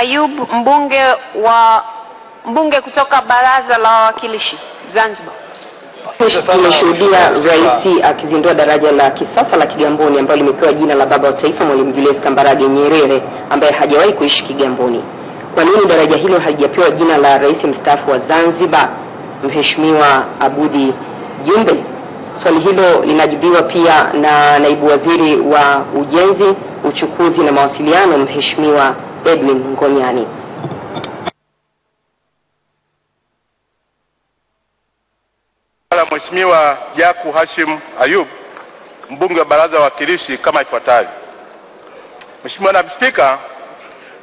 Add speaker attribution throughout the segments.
Speaker 1: Ayub mbunge wa mbunge kutoka Baraza la Wawakilishi Zanzibar.
Speaker 2: Tumeshuhudia rais akizindua daraja la kisasa la Kigamboni ambalo limepewa jina la baba wa taifa Mwalimu Julius Kambarage Nyerere ambaye hajawahi kuishi Kigamboni. Kwa nini daraja hilo halijapewa jina la rais mstaafu wa Zanzibar Mheshimiwa Abudi Jumbe? Swali hilo linajibiwa pia na naibu waziri wa ujenzi uchukuzi na mawasiliano Mheshimiwa Edwin Ngonyani.
Speaker 3: Mheshimiwa Jaku Hashim Ayub, mbunge wa Baraza la Wawakilishi, kama ifuatavyo. Mheshimiwa Naibu Spika,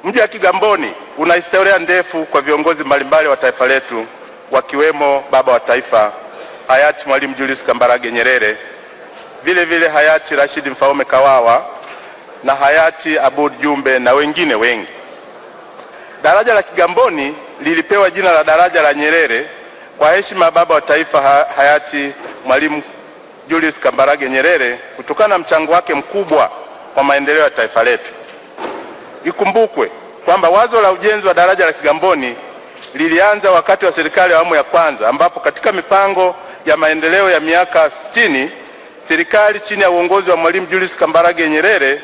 Speaker 3: mji wa Kigamboni una historia ndefu kwa viongozi mbalimbali wa taifa letu wakiwemo baba wa taifa hayati Mwalimu Julius Kambarage Nyerere, vile vile hayati Rashid Mfaume Kawawa na hayati abud Jumbe na wengine wengi. Daraja la Kigamboni lilipewa jina la daraja la Nyerere kwa heshima ya baba wa taifa hayati Mwalimu Julius Kambarage Nyerere kutokana na mchango wake mkubwa kwa maendeleo ya taifa letu. Ikumbukwe kwamba wazo la ujenzi wa daraja la Kigamboni lilianza wakati wa serikali ya awamu ya kwanza, ambapo katika mipango ya maendeleo ya miaka 60 serikali chini ya uongozi wa Mwalimu Julius Kambarage Nyerere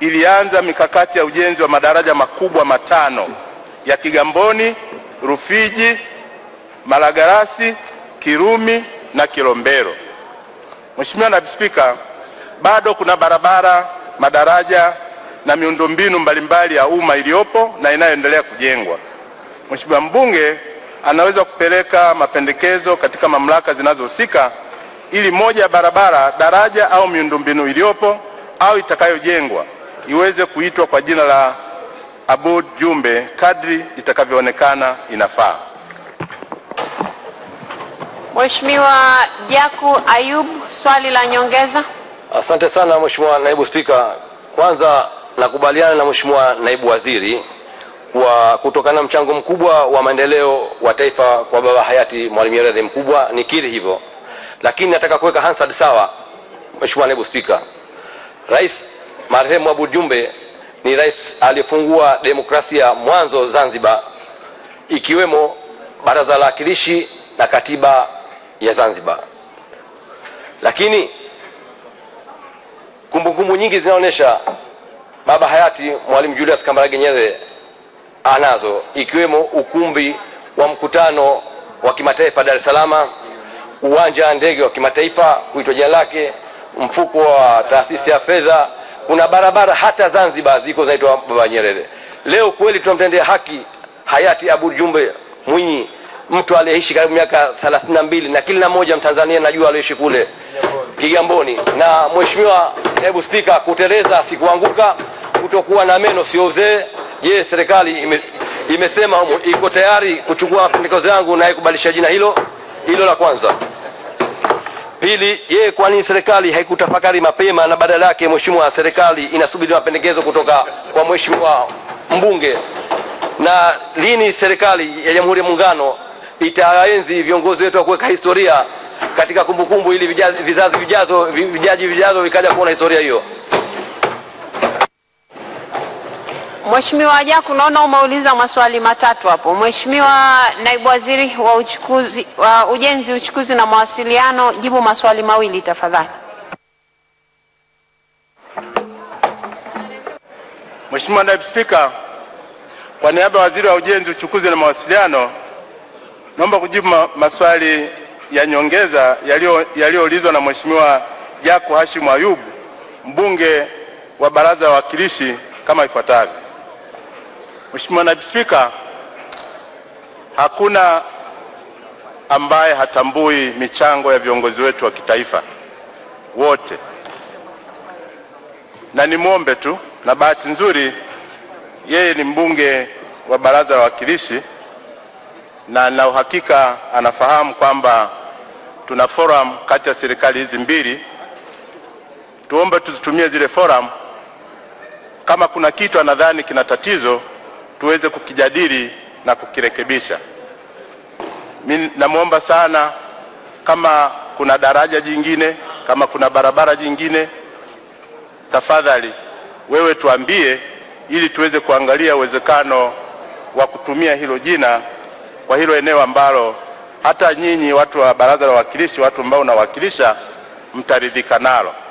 Speaker 3: ilianza mikakati ya ujenzi wa madaraja makubwa matano ya Kigamboni, Rufiji, Malagarasi, Kirumi na Kilombero. Mheshimiwa Naibu Spika, bado kuna barabara, madaraja na miundombinu mbalimbali ya umma iliyopo na inayoendelea kujengwa. Mheshimiwa mbunge anaweza kupeleka mapendekezo katika mamlaka zinazohusika ili moja ya barabara, daraja au miundombinu iliyopo au itakayojengwa iweze kuitwa kwa jina la Aboud Jumbe kadri itakavyoonekana inafaa.
Speaker 1: Mheshimiwa Jaku Ayub, swali la nyongeza.
Speaker 4: Asante sana Mheshimiwa Naibu Spika, kwanza nakubaliana na Mheshimiwa Naibu Waziri kwa kutokana na mchango mkubwa wa maendeleo wa taifa kwa baba hayati Mwalimu Nyerere mkubwa, nikiri hivyo, lakini nataka kuweka Hansard sawa. Mheshimiwa Naibu Spika, Rais Marehemu Abu Jumbe ni rais aliyefungua demokrasia mwanzo Zanzibar, ikiwemo baraza la wakilishi na katiba ya Zanzibar. Lakini kumbukumbu nyingi zinaonyesha baba hayati Mwalimu Julius Kambarage Nyerere anazo, ikiwemo ukumbi wa mkutano wa kimataifa Dar es Salaam, uwanja wa ndege wa kimataifa kuitwa jina lake, mfuko wa taasisi ya fedha kuna barabara hata Zanzibar ziko zinaitwa Baba Nyerere. Leo kweli tunamtendea haki hayati Abu Jumbe Mwinyi, mtu aliyeishi karibu miaka thelathini na mbili na kila mmoja Mtanzania najua aliyoishi kule Kigamboni. Na mweshimiwa Naibu Spika, kuteleza sikuanguka, kutokuwa na meno sio uzee. Je, serikali ime, imesema iko tayari kuchukua pendekezo yangu na ikubadilisha jina hilo hilo la kwanza. Pili, je, kwa nini serikali haikutafakari mapema na badala yake mheshimiwa, serikali inasubiri mapendekezo kutoka kwa mheshimiwa mbunge? Na lini serikali ya Jamhuri ya Muungano itaenzi viongozi wetu wa kuweka historia katika kumbukumbu, ili vizazi vijazo vijaji vijazo vikaja kuona historia hiyo?
Speaker 1: Mheshimiwa Wajaku, naona umeuliza maswali matatu hapo. Mheshimiwa Naibu Waziri wa uchukuzi, wa ujenzi, uchukuzi na mawasiliano, jibu maswali mawili tafadhali.
Speaker 3: Mheshimiwa Naibu Spika, kwa niaba ya Waziri wa Ujenzi, Uchukuzi na Mawasiliano, naomba kujibu maswali ya nyongeza yaliyoulizwa na Mheshimiwa Jaku hashim ayub mbunge wa Baraza la Wawakilishi kama ifuatavyo. Mheshimiwa Naibu Spika, hakuna ambaye hatambui michango ya viongozi wetu wa kitaifa wote, na nimwombe tu, na bahati nzuri yeye ni mbunge wa Baraza la Wawakilishi na na uhakika anafahamu kwamba tuna forum kati ya serikali hizi mbili. Tuombe tuzitumie zile forum, kama kuna kitu anadhani kina tatizo tuweze kukijadili na kukirekebisha. mi namwomba sana, kama kuna daraja jingine, kama kuna barabara jingine, tafadhali wewe tuambie, ili tuweze kuangalia uwezekano wa kutumia hilo jina kwa hilo eneo ambalo hata nyinyi watu wa Baraza la Wawakilishi, watu ambao unawakilisha mtaridhika nalo.